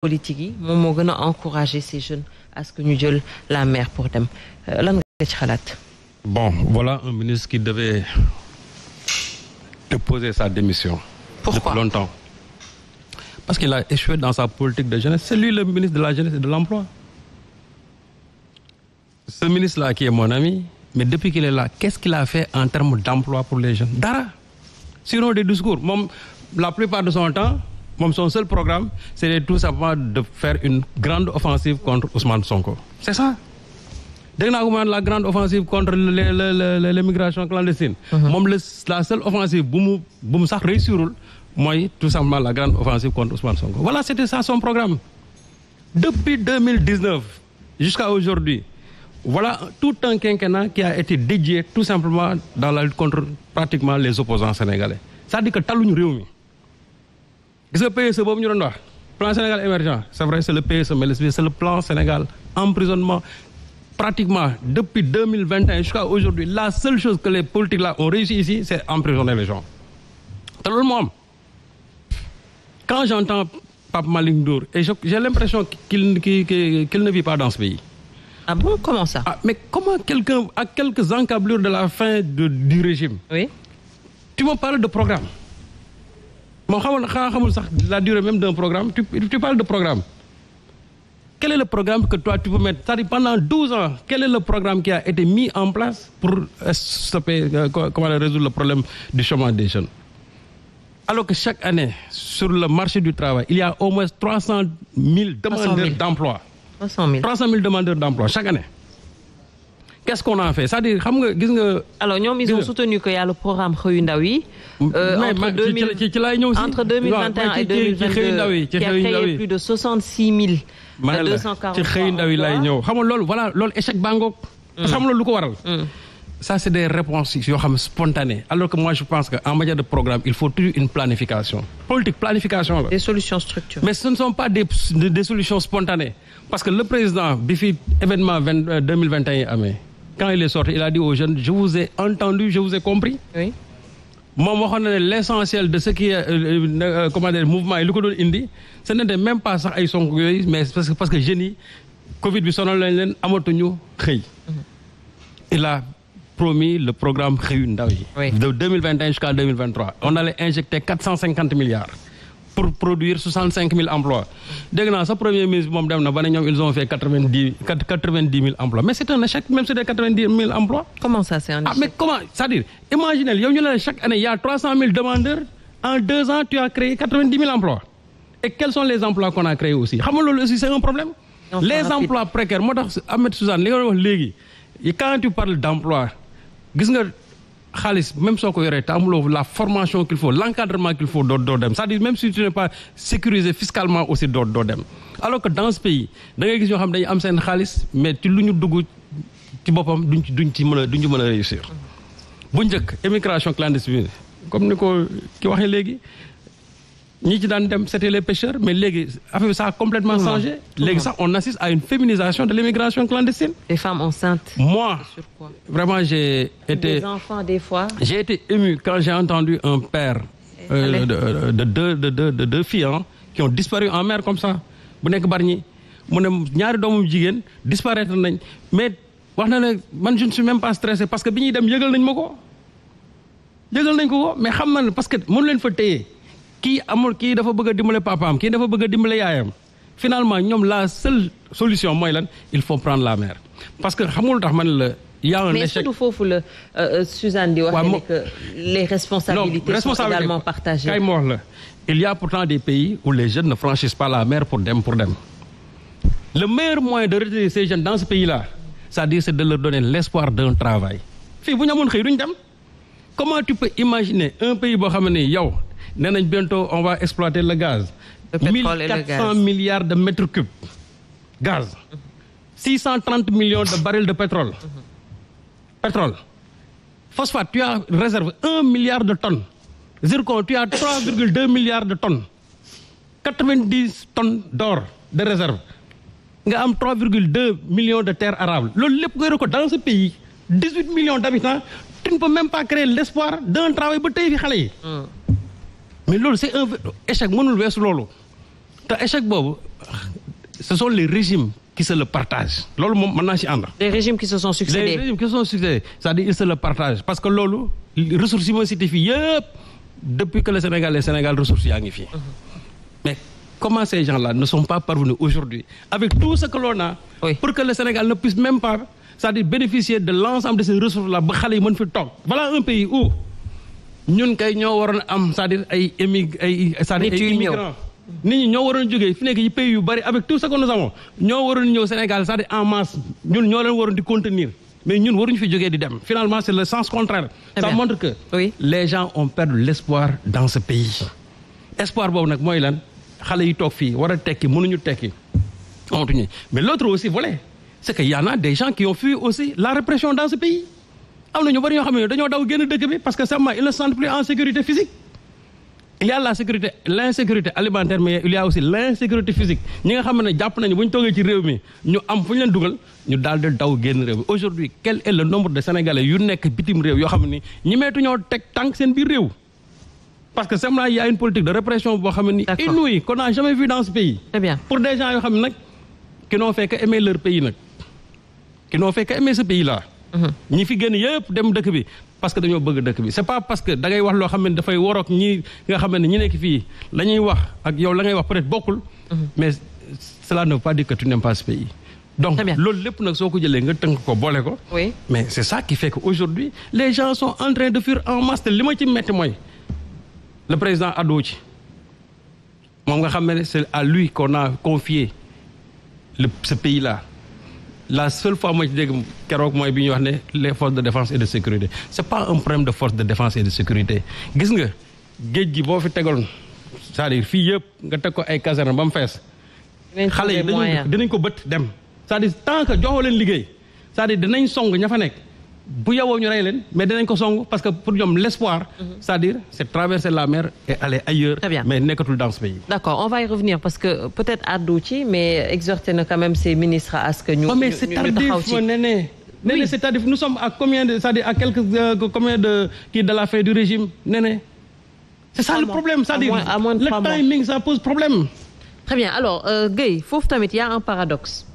politique yi moom moo gën a encourager ces jeunes à ce que ñu jël la mer pour dem euh, lan nga ci xalaat. bon voilà un ministre qui devait déposer sa démission. pourquoi depuis longtemps parce qu'il a échoué dans sa politique de jeunesse c'est lui le ministre de la jeunesse et de l'emploi ce ministre là qui est mon ami mais depuis qu'il est là qu'est-ce qu'il a fait en termes d'emploi pour les jeunes dara sinon des de son temps moom son seul programme c'est tout simplement de faire une grande offensive contre Ousmane Sonko c'est ça dégg naa ko mu la grande offensive contre les les les migrations clandestines. Uh-huh. moom la la seule offensive bu mu bu mu sax réussirul mooy tout simplement la grande offensive contre Ousmane Sonko voilà c'était ça son programme depuis 2019 jusqu'à aujourd'hui voilà tout un quinquennat qui a été dédié tout simplement dans la lutte contre pratiquement les opposants sénégalais c'est-à-dire que taluñu réew mi gis nga e ñu doon wax plan Sénégal émergent c' e, e, le plan Sénégal emprisonnement pratiquement depuis deux mille vingt et un jusqu'à aujourd'hui la seule chose que les politiques là ont réussi ici c' est emprisonner les gens te loolu moo am quand j' entends Pape Malick Ndour et j' l' qu'il ne vit pas dans ce pays. Ah ah, mais comment à quelques encablures de la fin de du régime. tu me parles de programme. moom xamoon xanaa xamul sax la durée même d'un programme tu tu parles de programme quel est le programme que toi tu peux mettre c'est-à-dire pendant ans quel est le programme qui a été mis en place pour stopper euh, comment résoudre le problème du chômage des jeunes alors que chaque année sur le marché du travail il y a au moins trois cent mille demandeurs d'emploi trois cent mille demandeurs d'emploi chaque année qu'est-ce qu'on xam nga gis nga. alors ñoom ils ont soutenu que a le programme xëyu yi. Euh, entre laay ñëw si. entre deux mille vingt et un a créé plus de xam nga loolu voilà loolu échec bàngoog. parce que lu ko waral. Mm. ça c'est des réponses yoo xam spontanées alors que moi je pense que en matière de programme fi événement vingt euh, deux mille vingt quand il est sorti il a dit aux jeunes je vous ai entendu je vous ai compris. oui moom ne l' de ce qui est euh, euh, euh, comment mouvement yi lu ko doon indi ce n' était même pas sax ay sonk yooyu mais parce que parce que jeunes yi Covid bi sonal lañ leen amatuñu xëy. Mhm. il a promis le programme xëyu ndaw yi. jusqu'à deux mille vingt injecter cent cinquante milliards. pour produire soixante cinq mille emplois dégg naa sa premier ministre moom dem na ba ñoom ils ont fait quatre mais c' est un échec même si des quatre ah mais comment c' est à yow ñu ne chaque année y' a en ans tu as créé quatre vingt dix sont les emplois qu'on a créés aussi xam nga aussi c' un problème. les emplois précaires moo tax Ahmed Suzanne li nga wax léegi quand tu parles d' gis nga. xaalis même soo ko yoree te amuloo la formation qu'il faut l'encadrement qu'il faut doo doo dem c'est-à-dire même si tu n'es pas sécurisé fiscalement aussi doo doo dem alors que dans ce pays da ngay gis ñoo xam dañuy am seen xaalis mais ci lu ñu dugg ci boppam duñ ci duñ ci mën a duñ mën a réussir bu njëkk émigration clandestine comme ni ko ki waxee léegi ñi ci daan dem c'était les pêcheurs mais léegi affaire bi ça a complètement tout changé léegi sax on assiste à une féminisation de l'immigration clandestine les femmes enceintes moi vraiment j'ai été des enfants fois j'ai été ému quand j'ai entendu un père eh, euh, de, de deux de deux de deux filles qui ont disparu en mer comme ça bu nekk bar Bargny mu ne ñaari doomam jigéen disparaître nañ mais wax na ne man je ne suis même pas stressé parce que bi ñuy dem yëgal nañ ma ko yëgal nañ ko ko mais xam na ne parce que mënu leen fa téye kii amul kii dafa bëgg dimbale papaam kii dafa bëgg a dimbale yaayam finalement ñoom la seule solution mooy lan il faut prendre la mer parce que xamul tax man la y a un échec mais surtout foofu la euh, euh, Suzanne di wax ni que les responsabilités sont également partagées kay moox la il y a pourtant des pays où les jeunes ne franchissent la mer pour dem pour dem le meilleur moyen de retenir ces jeunes dans ce pays là c'est-à-dire c'est de leur donner l'espoir d'un travail fii bu ñu dem comment tu peux imaginer un boo xam ne yow nee nañ bientôt on va exploiter le gaz. le pétrole et le gaz 1400 milliards de mètres cubes gaz. 630 de barils de pétrole. pétrole. phosphate tu as réserve 1 milliard de tonnes. zircon de tonnes. 90 tonnes d'or de réserve. nga am 3,2 millions de terres arables loolu lépp nga ko dans ce pays 18 millions d'habitants tu ne peux l'espoir d'un travail ba tey fi xale yi. Hmm. mais loolu c'est un échec mënul wees loolu te échec boobu ce sont les régimes qui se le partage loolu moom mën naa ci ànd. les régimes qui se sont succédés c'est-à-dire ils se le partagent parce que loolu ressources yi ma cité fii yëpp depuis que le Sénégal est Sénégal ressources yaa ngi fii mhm. mais comment ces gens la ne sont pas parvenus aujourd'hui avec tout ce que l'on a oui. pour que le Sénégal ne puisse même pas c'est-à-dire bénéficier de l'ensemble de ces xale yi mën fi toog ñun kay ñoo waroon am cest à ay émi ay c'est-à-dire ay immigrants nit ñi ñoo waroon jógee fi nekk yi pays yu bari avec tout ce que nous avons ñoo waroon ñëw Sénégal cest à en masse ñun ñoo leen waroon di contenir mais ñun waruñu fi jógee di dem finalement c'est le sens contraire eh ça montre que oui. les gens ont perdu l'espoir dans ce pays espoir boobu nag mooy lan xale yi toog fii war a tekki mënuñu tekki amatuñu mais l'autre aussi volet c'est que y en a des gens qui aussi la répression dans ce pays am na ñu bari ñoo xam ne dañoo daw génn dëkk bi parce que seulement ils ne se sentent plus en sécurité physique il sécurité l' insécurité alimentaire mais il y aussi l' insécurité physique ñi nga xam ne jàpp nañu bu ñu toogee ci réew mi ñu am fu ñu leen dugal ñu daal di daw génn réew mi aujourd'hui quel est nombre de sénégalais yu nekk bitim réew yoo xam ne ñi meetu ñoo teg tànk seen biir réew parce que seulement il y a une politique de répression boo xam ne inouïe qu'on n'a jamais vu dans ce xam ne nag qui n'ont fait que aimer leur nag qui n'ont fait que aimer ce pays Mm-hmm. ñi fi génn yëpp dem dëkk bi parce que dañoo bëgg dëkk bi c'est pas parce que da ngay wax loo xam ne dafay waroog ñi nga xam ne ñi nekk fii lañuy wax ak yow la ngay wax peut-être bokkul. Mm-hmm. mais cela ne veut pas dire que tu n'aimes pas ce pays. donc loolu lépp nag soo ko jëlee nga tënk ko boole ko. oui mais c'est ça qui fait que aujourd'hui les gens sont en de fuir en masse te li ma ci metti mooy le président addoo ci moom nga xam ne c'est à lui qu'on a confié le sa pays la seule fois ma mooy bi ñu wax ne les forces de défense et de sécurité c'est pas un problème de force de défense et de sécurité gis nga géej gi boo fi tegoon cest fii yëpp nga teg ko ay caserne ba mu fees xale yi dinañ ko bët dem cest à tant que joxoo leen liggéey cest à dinañ song ña fa nekk bu yowoo ñu rey leen mais dinañ ko song parce que pour ñoom l' espoir. Mhm. c'est-à-dire c' est traverser la mer et aller ailleurs. très bien mais nekkatul dans pays. d' on va y revenir parce que peut-être àddu ci mais exhorté na quand même ces ministres à ce que. ñu oh, ñu ñu nous sommes à combien de cest euh, de la fin du régime nee c'est ça le problème c'est-à-dire le timing ça pose problème. très bien alors euh, Guèye foofu tamit y a un paradoxe.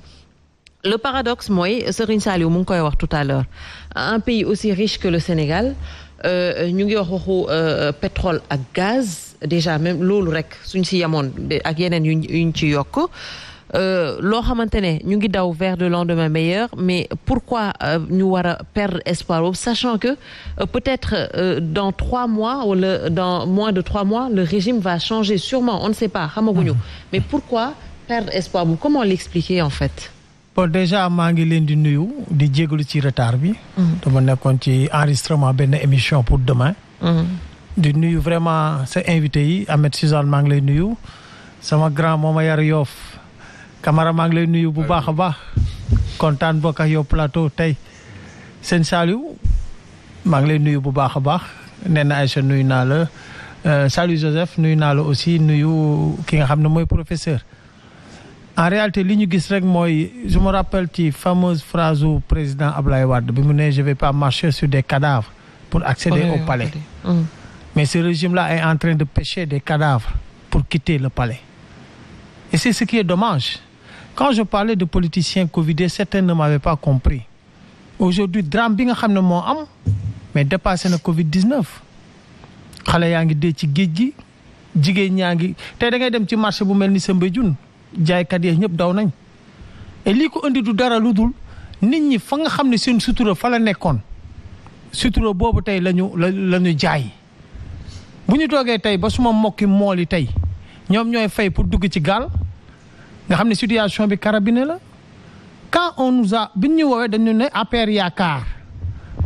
le paradoxe mooy Serigne Saliou mu ngi koy wax tout à l'heure un pays aussi riche que le Sénégal euh, ñu ngi wax waxu euh, pétrole ak gaz déjà même loolu rek suñ si yemoon ak yeneen yuñ yuñ ci yokk euh, loo xamante ne ñu ngi daw vers le lendemain meilleur mais pourquoi ñu war a perdre espoir boobu sachant que peut-être dans trois mois wala dans moins de trois mois le régime va changer sûrement on ne sait pas xamaguñu mmh. mais pourquoi perdre espoir boobu comment l'expliquer en fait bon déjà maa ngi leen di nuyu di jégalu ci retard bi. Mm-hmm. dama nekkoon ci enregistrement benn émission pour demain. Mm-hmm. di nuyu vraiment sa invité yi Ahmed Suzanne maa ngi lay nuyu sama grand mooma yar yoof Camara maa ngi lay nuyu bu baax a baax kontaan bokk ak yow plateau tey sëñ Saliou maa ngi lay nuyu bu baax a baax nee na Aïcha nuyu naa la euh, Saliou Joseph nuyu naa la aussi nuyu ki nga xam ne mooy professeur. en réalité li ñu gis rek mooy je me rappelle ci fameuse phrase du président Ablaye Wade bi mu ne je vais pas marcher sur des cadavres pour accéder oui, au palais mm. mais ce régime-là est en train de pêcher des cadavres pour quitter le palais et c'est ce qui est dommage quand je parlais de politiciens covidés certains ne m'avaient pas compris aujourd'hui drame bi nga xam ne moo am mais dépassé na Covid-19 xale yaa ngi dee ci géej gi jigéen ñaa ngi tey da ngay dem ci marché bu mel ni Soumbédioune jaaykat yee ñëpp daw nañ et lii ko indi du dara lu dul nit ñi fa nga xam ne seen sutura fa la nekkoon sutura boobu tey lañu la la jaay bu ñu toogee tey ba suma mokki mool yi tey ñoom ñooy fay pour dugg ci gaal nga xam ne situation bi carabine la quand on nous bi ñuy woowee dañu ne APR yaakaar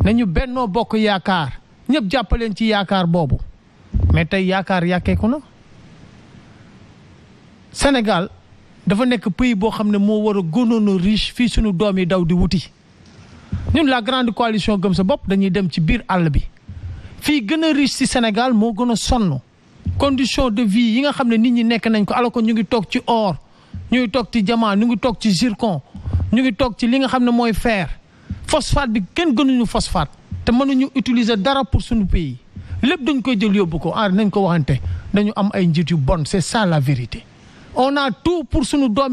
nañu bennoo bokk yaakaar ñëpp jàppaleen ci yaakaar boobu mais tey yaakaar yàkkeeku na Sénégal dafa nekk pays boo xam ne moo war a gënoon fii suñu doom yi daw di wuti ñun la grande coalition gëm sa bopp dañuy dem ci biir àll bi fii gën a riche ci Sénégal moo gën a sonn condition de vie yi nga xam ne nit ñi nekk nañ ko alors que ñu ngi toog ci or ñu ngi toog ci diamant ñu ngi toog ci zircon ñu ngi toog ci li nga xam ne mooy fer phosphate bi kenn gënuñu phosphate te mënuñu utiliser dara pour suñu pays lépp dañ koy jël yóbbu ko ah nañ ko waxante dañu am ay njiit yu bon ça la vérité. on a tout pour sunu doom